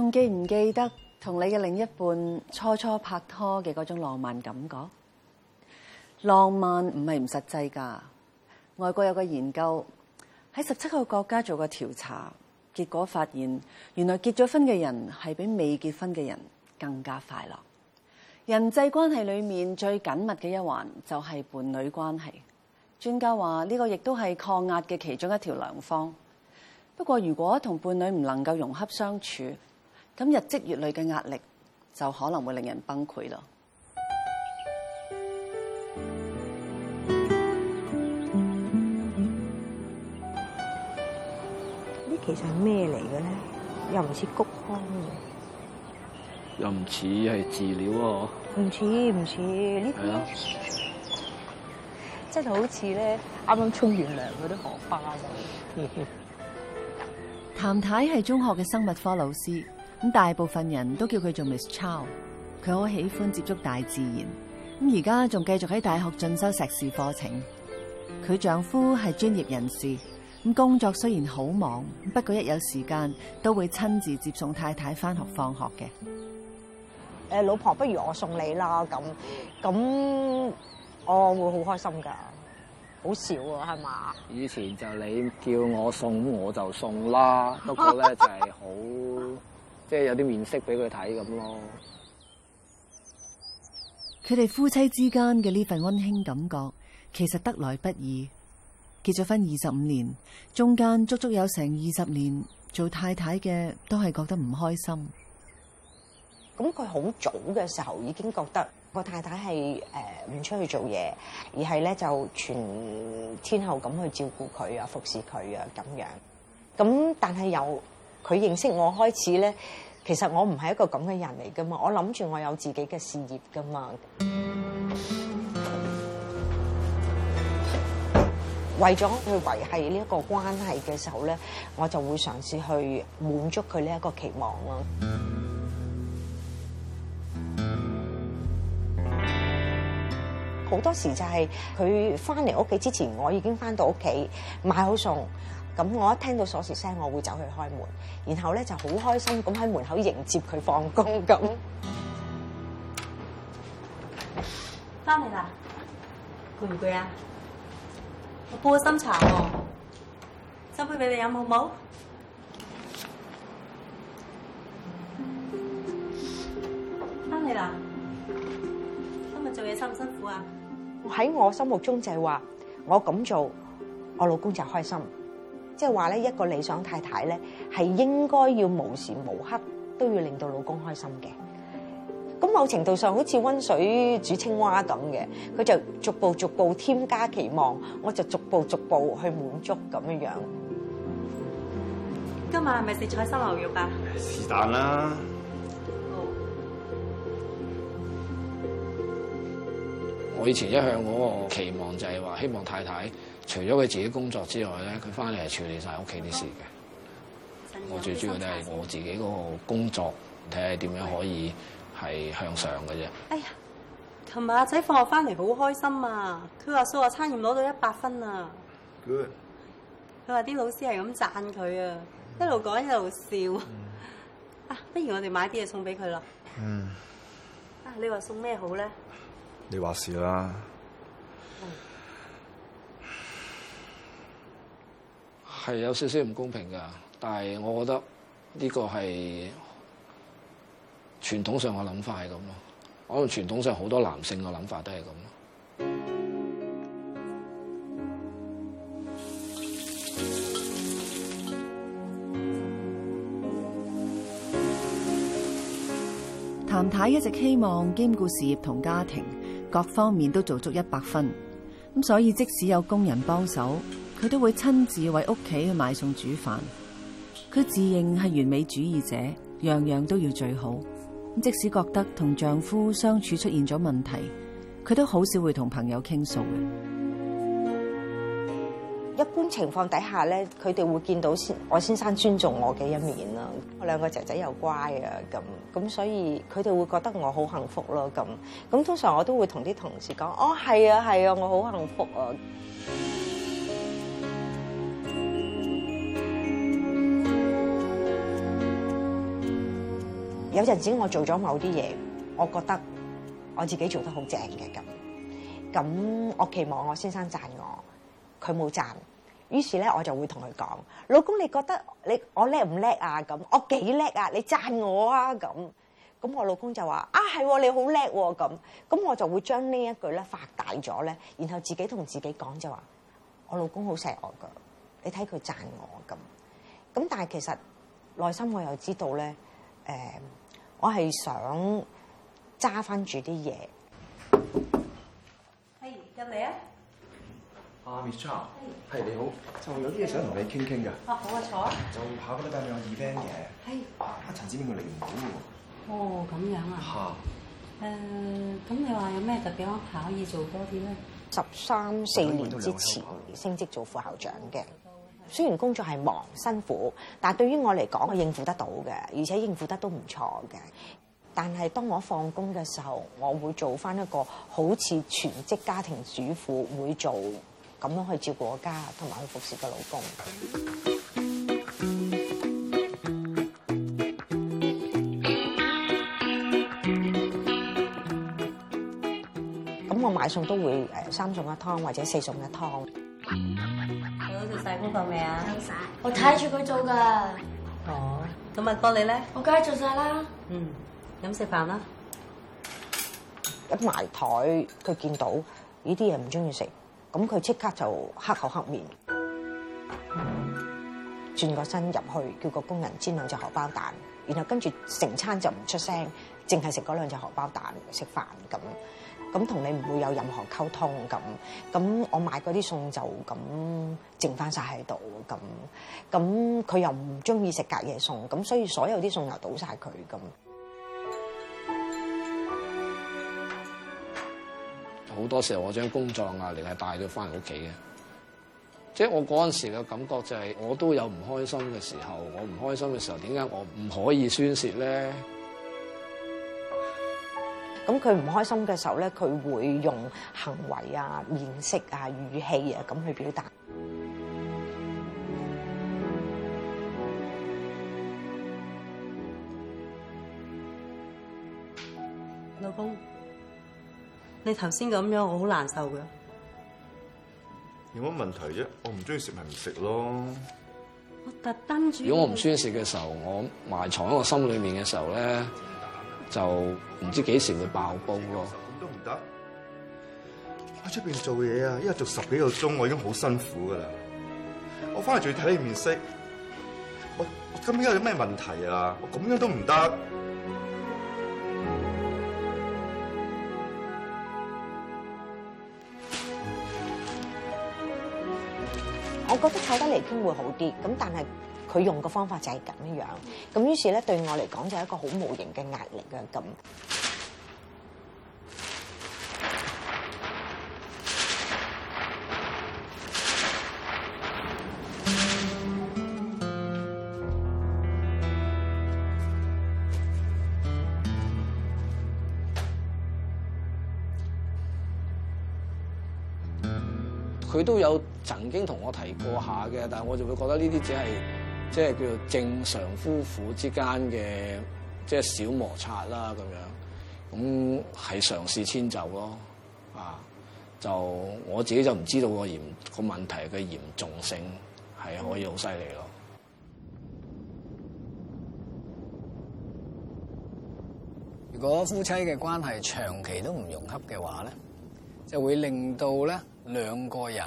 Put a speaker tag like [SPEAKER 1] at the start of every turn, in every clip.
[SPEAKER 1] 仲記唔記得同你嘅另一半初初拍拖嘅嗰種浪漫感覺？浪漫唔係唔實際噶。外國有個研究喺十七個國家做過調查，結果發現原來結咗婚嘅人係比未結婚嘅人更加快樂。人際關係裏面最緊密嘅一環就係伴侶關係。專家話呢個亦都係抗壓嘅其中一條良方。不過如果同伴侶唔能夠融洽相處，咁日積月累嘅壓力，就可能會令人崩潰咯。
[SPEAKER 2] 呢其實係咩嚟嘅咧？又唔似谷糠
[SPEAKER 3] 嘅，又唔似係飼料啊！唔
[SPEAKER 2] 似唔似呢個，真係好似咧，啱啱沖完涼嗰
[SPEAKER 4] 啲荷花喎。
[SPEAKER 1] 譚太係中學嘅生物科老師。咁大部分人都叫佢做 Miss Tam，佢好喜歡接觸大自然，咁而家仲繼續喺大學進修碩士課程。佢丈夫係專業人士，咁工作雖然好忙，不過一有時間都會親自接送太太返學放學嘅。
[SPEAKER 2] 誒，老婆不如我送你啦，咁咁我會好開心㗎，好
[SPEAKER 1] 少啊，係嘛？以
[SPEAKER 3] 前就你叫我送，我就送啦，不過咧就係好。 即係有啲面色俾佢睇咁咯。
[SPEAKER 1] 佢哋夫妻之間嘅呢份溫馨感覺，其實得來不易。結咗婚二十五年，中間足足有成二十年，做太太嘅都係覺得唔開心。
[SPEAKER 2] 咁佢好早嘅時候已經覺得，個太太係誒唔出去做嘢，而係咧就全天候咁去照顧佢啊，服侍佢啊，咁樣。咁但係又。佢認識我開始咧，其實我唔係一個咁嘅人嚟㗎嘛，我諗住我有自己嘅事業㗎嘛。為咗去維繫呢一個關係嘅時候咧，我就會嘗試去滿足佢呢一個期望咯。好多時就係佢返嚟屋企之前，我已經返到屋企買好餸。咁我一聽到鎖匙聲，我會走去開門，然後咧就好開心咁喺門口迎接佢放工咁。翻
[SPEAKER 4] 嚟啦，攰唔攰啊？我煲咗參茶喎，斟杯俾你飲好唔好？翻嚟啦，今日做嘢辛唔
[SPEAKER 2] 辛苦啊？喺我，我心目中就係話，我咁做，我老公就開心。即係話咧，一個理想太太咧，係應該要無時無刻都要令到老公開心嘅。咁某程度上好似溫水煮青蛙咁嘅，佢就逐步逐步添加期望，我就逐步逐步去滿足咁樣樣。
[SPEAKER 4] 今晚係咪食菜心牛肉啊？是
[SPEAKER 2] 但啦。
[SPEAKER 3] 我以前一向嗰個期望就係話，希望太太。除咗佢自己工作之外咧，佢翻嚟係處理晒屋企啲事嘅。
[SPEAKER 4] 嗯、我最主要都係我
[SPEAKER 3] 自己嗰個工作，睇下點樣可以係向上嘅啫。哎
[SPEAKER 4] 呀，琴日阿仔放學翻嚟好開心啊！佢話數學測驗攞到一百分啊！Good。佢話啲老師係咁讚佢啊，一路講一路笑、嗯、啊。不如我哋買啲嘢送俾佢咯。嗯。啊，你話送咩好咧？
[SPEAKER 1] 你話事啦。
[SPEAKER 3] 係有少少唔公平噶，但係我覺得呢個係傳統上嘅諗法係咁咯。可能傳統上好多男性嘅諗法都係咁咯。譚
[SPEAKER 1] 太太一直希望兼顧事業同家庭，各方面都做足一百分。咁所以即使有工人幫手，佢都會親自為屋企去買餸煮飯。佢自認係完美主義者，樣樣都要最好。即使覺得同丈夫相處出現咗問題，佢都好少會同朋友傾訴嘅。一般
[SPEAKER 2] 情況底下咧，佢哋會見到先我先生尊重我嘅一面啦。我兩個仔仔又乖啊，咁咁所以佢哋會覺得我好幸福咯。咁咁通常我都會同啲同事講：哦，係啊，係啊，我好幸福啊！有陣時我做咗某啲嘢，我覺得我自己做得好正嘅咁，咁我期望我先生讚我，佢冇讚，於是咧我就會同佢講：老公你覺得你我叻唔叻啊？咁我幾叻啊？你讚我啊？咁咁我老公就話：啊係、啊，你好叻咁，咁我就會將呢一句咧發大咗咧，然後自己同自己講就話：我老公好錫我噶，你睇佢讚我咁，咁但係其實內心我又知道咧，誒、呃。我係想揸翻住啲嘢。
[SPEAKER 4] 係入嚟啊，
[SPEAKER 3] 阿 m i c 係你好，就有啲嘢想同你傾傾噶。
[SPEAKER 4] 啊好啊，坐啊。
[SPEAKER 3] 做下嗰啲咁樣 event 嘅。
[SPEAKER 4] 係，阿陳
[SPEAKER 5] 子明佢嚟唔到
[SPEAKER 4] 喎。哦，咁樣啊。嚇。誒，咁你話有咩特別安排可以做多啲咧？十三四年之前升職做副校長
[SPEAKER 2] 嘅。雖然工作係忙辛苦，但對於我嚟講，我應付得到嘅，而且應付得都唔錯嘅。但係當我放工嘅時候，我會做返一個好似全職家庭主婦會做咁樣去照顧我家，同埋去服侍個老公。咁 我買餸都會誒三餸一湯或者四餸一湯。
[SPEAKER 4] 姨姨沒有做晒功課未啊？做晒，我睇住佢做噶。哦，咁阿哥你咧？我梗係做晒啦。嗯，咁
[SPEAKER 2] 食飯啦。一埋台，佢見到呢啲嘢，唔中意食，咁佢即刻就黑口黑面，轉個、嗯、身入去叫個工人煎兩隻荷包蛋，然後跟住成餐就唔出聲，淨係食嗰兩隻吃那兩隻荷包蛋食飯咁。咁同你唔會有任何溝通咁，咁我買嗰啲餸就咁剩翻曬喺度咁，咁佢又唔中意食隔夜餸，咁所以所有啲餸又倒曬佢咁，
[SPEAKER 3] 好多時候我將工作壓力係帶佢翻嚟屋企嘅，
[SPEAKER 2] 即係我嗰
[SPEAKER 3] 陣時嘅感覺就係、是、我都有唔開心嘅時候，我唔開心嘅時候點解我唔可以宣泄咧？
[SPEAKER 2] 咁佢唔開心嘅時候咧，佢會用行為啊、面色啊、語氣啊咁去表達。
[SPEAKER 4] 老公，你頭先咁樣，我好難受㗎。
[SPEAKER 3] 有乜問題啫？我唔中意食咪唔食咯。
[SPEAKER 4] 我特登煮。如果我唔中意
[SPEAKER 3] 食嘅時候，我埋藏喺我心裡面嘅時候咧，就。唔知幾時會爆煲咯，啊，咁
[SPEAKER 4] 都唔得。我喺出邊做嘢啊，一日做十幾個鐘，我已經好辛苦噶啦。我翻嚟仲要睇你面色，我我今日有咩問題啊？我咁樣都唔得。我
[SPEAKER 2] 覺得坐低嚟傾會好啲，咁但係。佢用嘅方法就係咁樣，咁於是咧對我嚟講就係一個好無形嘅壓力嘅咁。
[SPEAKER 3] 佢都有曾經同我提過下嘅，但係我就會覺得呢啲只係。即係叫做正常夫婦之間嘅即係小摩擦啦，咁樣咁係嘗試遷就咯。啊，就我自己就唔知道個嚴個問題嘅嚴重性係可以好犀利咯。
[SPEAKER 5] 如果夫妻嘅關係長期都唔融洽嘅話咧，就會令到咧兩個人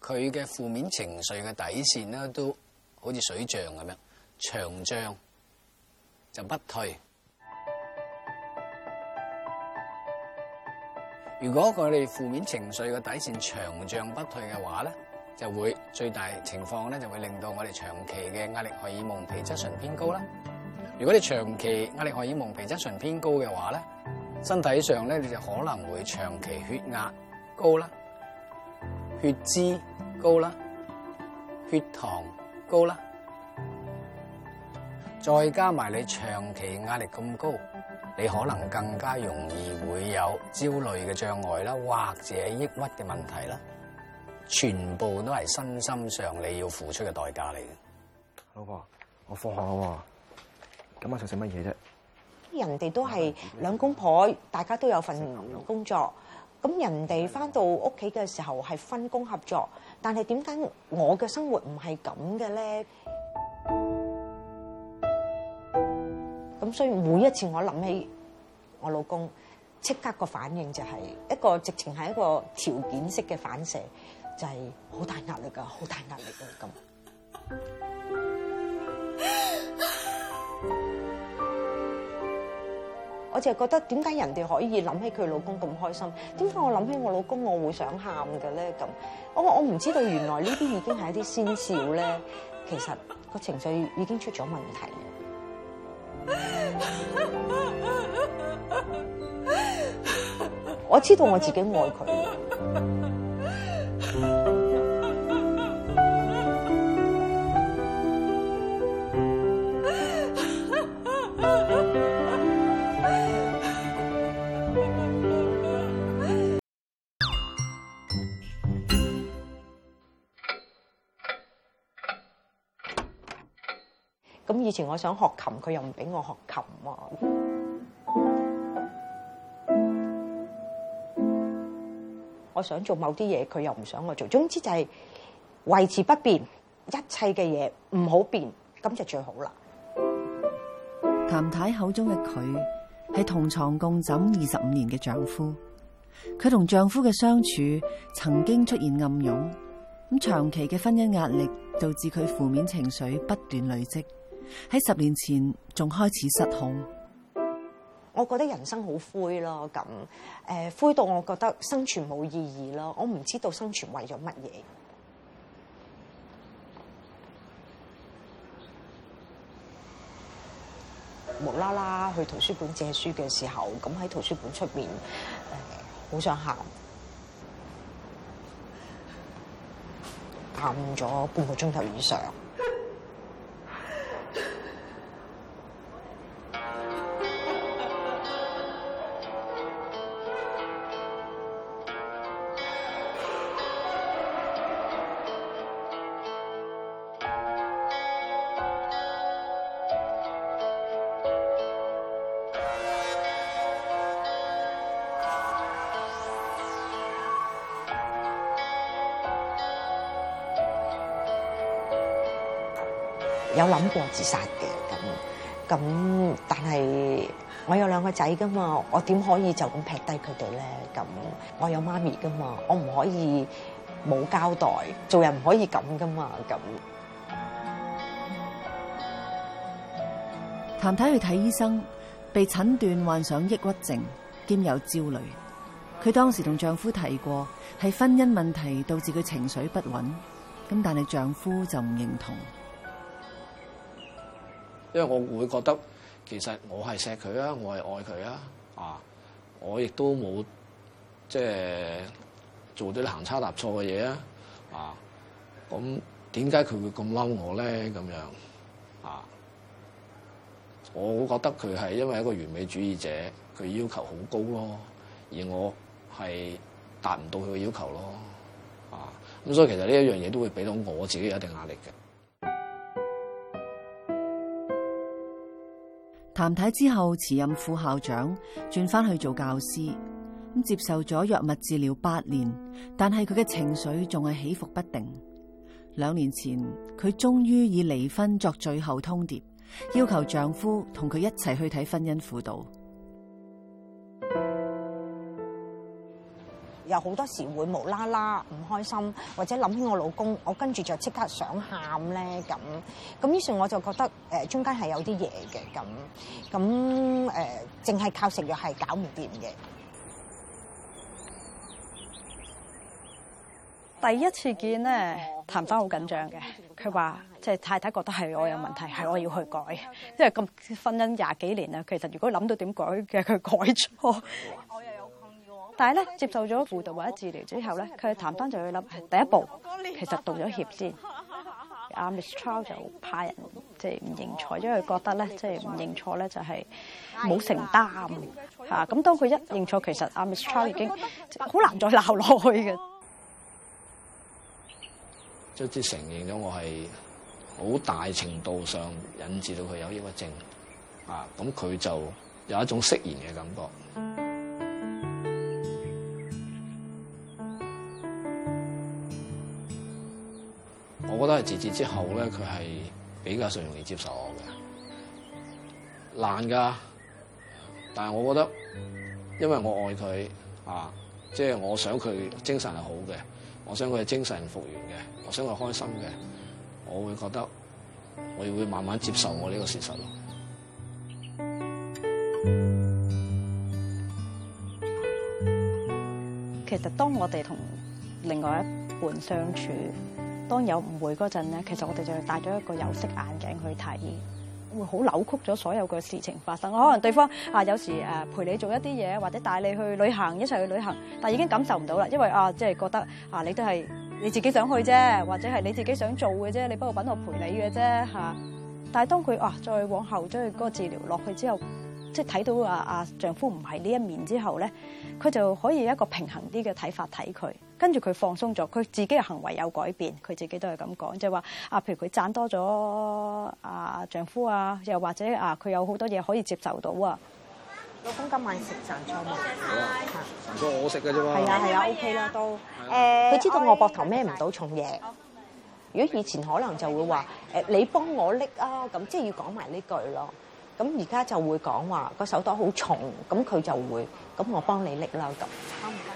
[SPEAKER 5] 佢嘅負面情緒嘅底線咧都。好似水漲咁樣，長漲就不退。如果佢哋負面情緒嘅底線長漲不退嘅話咧，就會最大情況咧就會令到我哋長期嘅壓力荷爾蒙皮質醇偏高啦。如果你長期壓力荷爾蒙皮質醇偏高嘅話咧，身體上咧你就可能會長期血壓高啦、血脂高啦、血糖。高啦，再加埋你長期壓力咁高，你可能更加容易會有焦慮嘅障礙啦，或者抑鬱嘅問題啦，全部都係身心上你
[SPEAKER 2] 要付出嘅代價嚟
[SPEAKER 3] 嘅。老婆，我放學喎，今晚想食乜嘢啫？
[SPEAKER 2] 人哋都係兩公婆，大家都有份工作，咁人哋返到屋企嘅時候係分工合作。但係點解我嘅生活唔係咁嘅咧？咁所以每一次我諗起我老公，即刻個反應就係一個直情係一個條件式嘅反射，就係好大壓力㗎，好大壓力㗎，咁。 我就覺得點解人哋可以諗起佢老公咁開心，點解我諗起我老公我會想喊嘅咧？咁我話我唔知道，原來呢邊已經係一啲先兆咧。其實個情緒已經出咗問題。我知道我自己愛佢。以前我想學琴，佢又唔俾我學琴啊！我想做某啲嘢，佢又唔想我做。總之就係維持不變，一切嘅嘢唔好變，咁、嗯、就最好啦。
[SPEAKER 1] 譚太口中嘅佢，係同床共枕二十五年嘅丈夫。佢同丈夫嘅相處曾經出現暗湧，咁長期嘅婚姻壓力導致佢負面情緒不斷累積。喺十年前仲開始失控，
[SPEAKER 2] 我覺得人生好灰咯，咁誒灰到我覺得生存冇意義咯，我唔知道生存為咗乜嘢。
[SPEAKER 4] 無
[SPEAKER 2] 啦啦去圖書館借書嘅時候，咁喺圖書館出邊，誒好想喊，喊咗半個鐘頭以上。有諗過自殺嘅咁，咁但係我有兩個仔㗎嘛，我點可以就咁撇低佢哋咧？咁我有媽咪㗎嘛，我唔可以冇交代，做人唔可以咁㗎嘛
[SPEAKER 1] 咁。譚太去睇醫生，被診斷患上抑鬱症兼有焦慮。佢當時同丈夫提過係婚姻問題導致佢情緒不穩，咁但係丈夫就唔認同。
[SPEAKER 3] 因為我會覺得其實我係錫佢啊，我係愛佢啊，啊，我亦都冇即係做啲行差踏錯嘅嘢啊，啊，咁點解佢會咁嬲我咧？咁樣啊，我覺得佢係因為一個完美主義者，佢要求好高咯，而我係達唔到佢嘅要求咯，啊，咁所以其實呢一樣嘢都會俾到我自己有一定壓力嘅。
[SPEAKER 1] 譚太之後辭任副校長，轉翻去做教師，接受咗藥物治療八年，但係佢嘅情緒仲係起伏不定。兩年前，佢終於以離婚作最後通牒，要求丈夫同佢一齊去睇婚姻輔導。
[SPEAKER 2] 有好多時會無啦啦唔開心，或者諗起我老公，我跟住就即刻想喊咧咁。咁於是我就覺得誒，中間係有啲嘢嘅咁。咁誒，淨係靠食藥係搞唔掂嘅。
[SPEAKER 6] 第一次見咧，譚生好緊張嘅，佢話即係太太覺得係我有問題，係我要去改，因為咁婚姻廿幾年啦，其實如果諗到點改嘅，佢改咗。但係咧，接受咗輔導或者治療之後咧，佢談返就去諗，第一步其實道咗歉先。阿 Miss Chow 就怕人即係唔認錯，因為佢覺得咧即係唔認錯咧就係冇承擔嚇。咁、啊、當佢一認錯，其實阿 Miss Chow 已經好難再鬧落去嘅。
[SPEAKER 3] 即係承認咗我係好大程度上引致到佢有抑鬱症啊，咁佢就有一種釋然嘅感覺。係自職之後咧，佢係比較上容易接受我嘅，難噶。但係我覺得，因為我愛佢啊，即係我想佢精神係好嘅，我想佢嘅精神復原嘅，我想佢開心嘅，我會覺得，我亦會慢慢接受我呢個事實咯。
[SPEAKER 6] 其實當我哋同另外一半相處。當有誤會嗰陣咧，其實我哋就戴咗一個有色眼鏡去睇，會好扭曲咗所有嘅事情發生。我可能對方啊，有時誒陪你做一啲嘢，或者帶你去旅行，一齊去旅行，但係已經感受唔到啦，因為啊，即係覺得啊，你都係你自己想去啫，或者係你自己想做嘅啫，你不過揾我陪你嘅啫嚇。但係當佢啊，再往後將佢嗰個治療落去之後。即係睇到啊，阿丈夫唔係呢一面之後咧，佢就可以一個平衡啲嘅睇法睇佢，跟住佢放鬆咗，佢自己嘅行為有改變，佢自己都係咁講，即係話啊，譬如佢賺多咗啊，丈夫啊，又或者啊，佢有好多嘢可以接
[SPEAKER 2] 受到啊。老公今晚食什菜啊？我食嘅啫嘛。係啊係啊，OK 啦了都。誒的，佢知道我膊頭孭唔到重嘢。如果以前可能就會話誒，的你幫我拎啊，咁即係要講埋呢句咯。咁而家就會講話個手袋好重，咁佢就會，咁我幫你拎啦咁。差唔多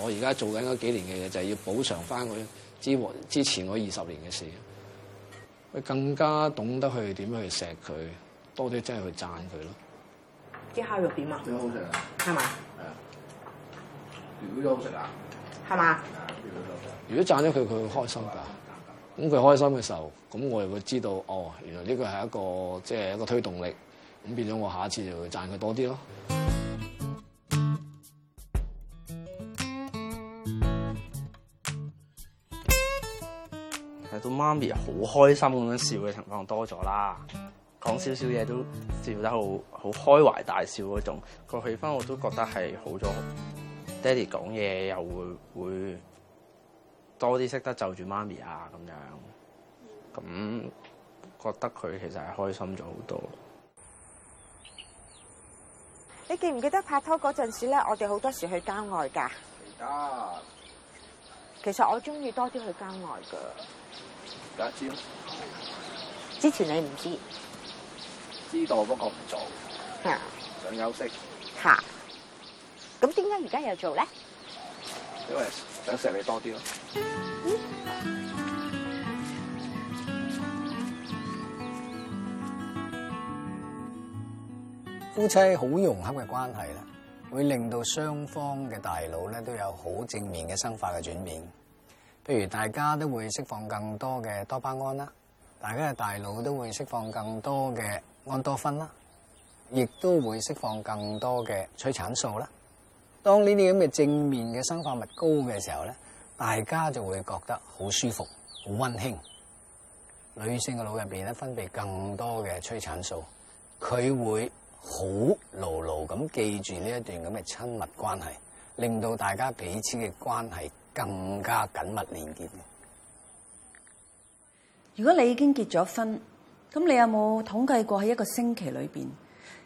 [SPEAKER 3] 我而家做緊嗰幾年嘅嘢就係、是、要補償翻佢之前支持我二十年嘅事，佢更加懂得去點樣去錫佢，多啲真係去讚佢咯。啲烤肉點啊？最好食啊？係嘛？係啊。都好食啊？係嘛？好食。如果嗎讚咗佢，佢會開心㗎。咁佢開心嘅時候，咁我又會知道哦，原來呢個係一個即係一個推動力，咁變咗我下次就會讚佢多啲咯。睇到媽咪好開心咁樣笑嘅情況多咗啦，講少少嘢都笑得好好開懷大笑嗰種、個氣氛我都覺得係好咗。爹哋講嘢又會會。多啲識得就住媽咪啊，咁樣咁覺得佢其實係開心咗好多。
[SPEAKER 2] 你記唔記得拍拖嗰陣時咧？我哋好多時去郊外㗎。得，其實我中意多啲去郊外㗎。而家知，之前你唔知，
[SPEAKER 3] 知道不過唔做啊，想休
[SPEAKER 2] 息吓。咁點解而家又做咧？因
[SPEAKER 3] 為，想
[SPEAKER 5] 錫你多啲咯！夫妻好融洽嘅關係咧，會令到雙方嘅大腦咧都有好正面嘅生化嘅轉變。譬如大家都會釋放更多嘅多巴胺啦，大家嘅大腦都會釋放更多嘅安多酚啦，亦都會釋放更多嘅催產素啦。當呢啲咁嘅正面嘅生化物高嘅時候咧，大家就會覺得好舒服、好溫馨。女性嘅腦入邊咧，分泌更多嘅催產素，佢會好牢牢咁記住呢一段咁嘅親密關係，令到大家彼此嘅關係更加緊密連結。
[SPEAKER 1] 如果你已經結咗婚，咁你有冇統計過喺一個星期裏邊，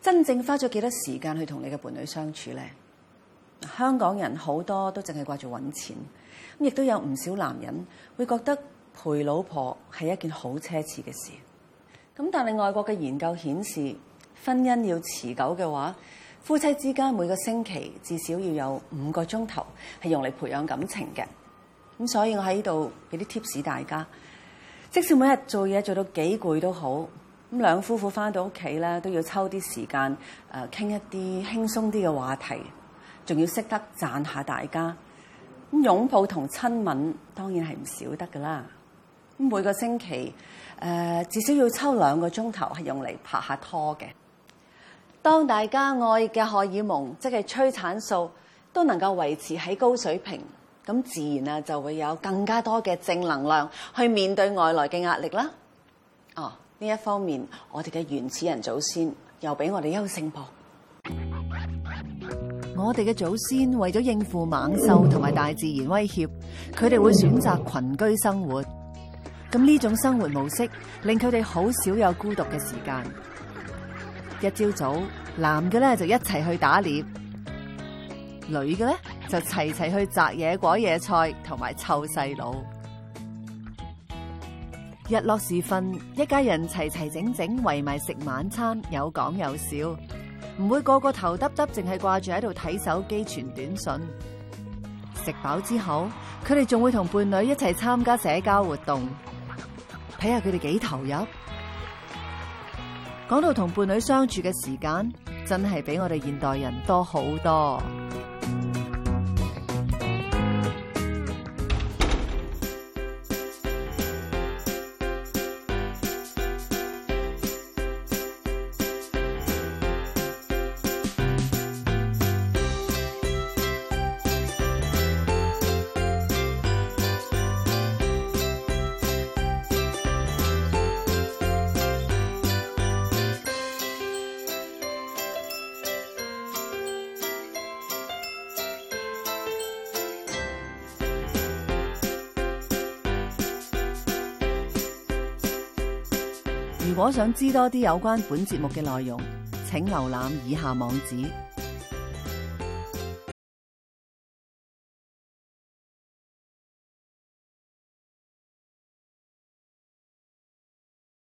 [SPEAKER 1] 真正花咗幾多時間去同你嘅伴侶相處咧？香港人好多都淨係掛住揾錢，咁亦都有唔少男人會覺得陪老婆係一件好奢侈嘅事。咁但係外國嘅研究顯示，婚姻要持久嘅話，夫妻之間每個星期至少要有五個鐘頭係用嚟培養感情嘅。咁所以我喺呢度俾啲 tips 大家，即使每日做嘢做到幾攰都好，咁兩夫婦返到屋企咧都要抽啲時間誒傾一啲輕鬆啲嘅話題。仲要識得讚下大家，擁抱同親吻當然係唔少得噶啦。每個星期，呃、至少要抽兩個鐘頭係用嚟拍下拖嘅。當大家愛嘅荷爾蒙，即係催產素，都能夠維持喺高水平，咁自然啊就會有更加多嘅正能量去面對外來嘅壓力啦。哦，呢一方面，我哋嘅原始人祖先又比我哋優勝噃。我哋嘅祖先為咗應付猛獸同埋大自然威脅，佢哋會選擇群居生活。咁呢種生活模式令佢哋好少有孤獨嘅時間。一朝早，男嘅咧就一齊去打獵，女嘅咧就齊齊去摘野果、野菜同埋湊細佬。日落時分，一家人齊齊整整整圍埋食晚餐，有講有笑。唔會個個頭耷耷，淨係掛住喺度睇手機、傳短信。食飽之後，佢哋仲會同伴侶一齊參加社交活動，睇下佢哋幾投入。講到同伴侶相處嘅時間，真係比我哋現代人多好多。如果想知多啲有關本節目嘅內容，請瀏覽以下網址。